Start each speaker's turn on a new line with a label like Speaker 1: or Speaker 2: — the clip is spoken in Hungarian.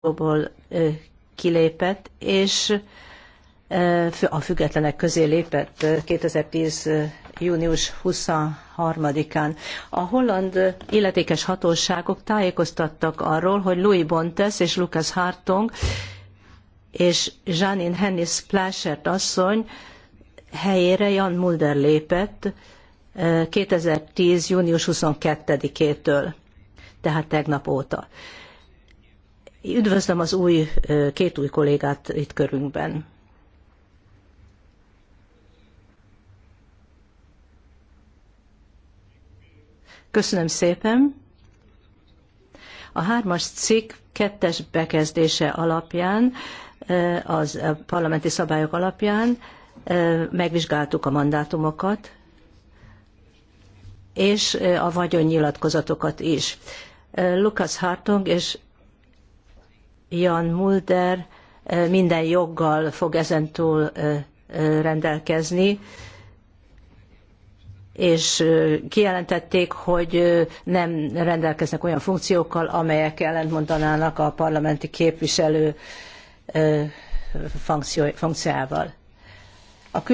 Speaker 1: ból kilépett, és a függetlenek közé lépett 2010. június 23-án. A holland illetékes hatóságok tájékoztattak arról, hogy Louis Bontes és Lucas Hartong és Janine Hennis Plássert asszony helyére Jan Mulder lépett 2010. június 22-től, tehát tegnap óta. Üdvözlöm az új, két új kollégát itt körünkben. Köszönöm szépen. A hármas cikk kettes bekezdése alapján, az parlamenti szabályok alapján megvizsgáltuk a mandátumokat, és a vagyonnyilatkozatokat is. Lukasz Hartong és Jan Mulder eh, minden joggal fog ezentúl eh, eh, rendelkezni, és kijelentették, hogy nem rendelkeznek olyan funkciókkal, amelyek ellentmondanának a parlamenti képviselő funkciójával.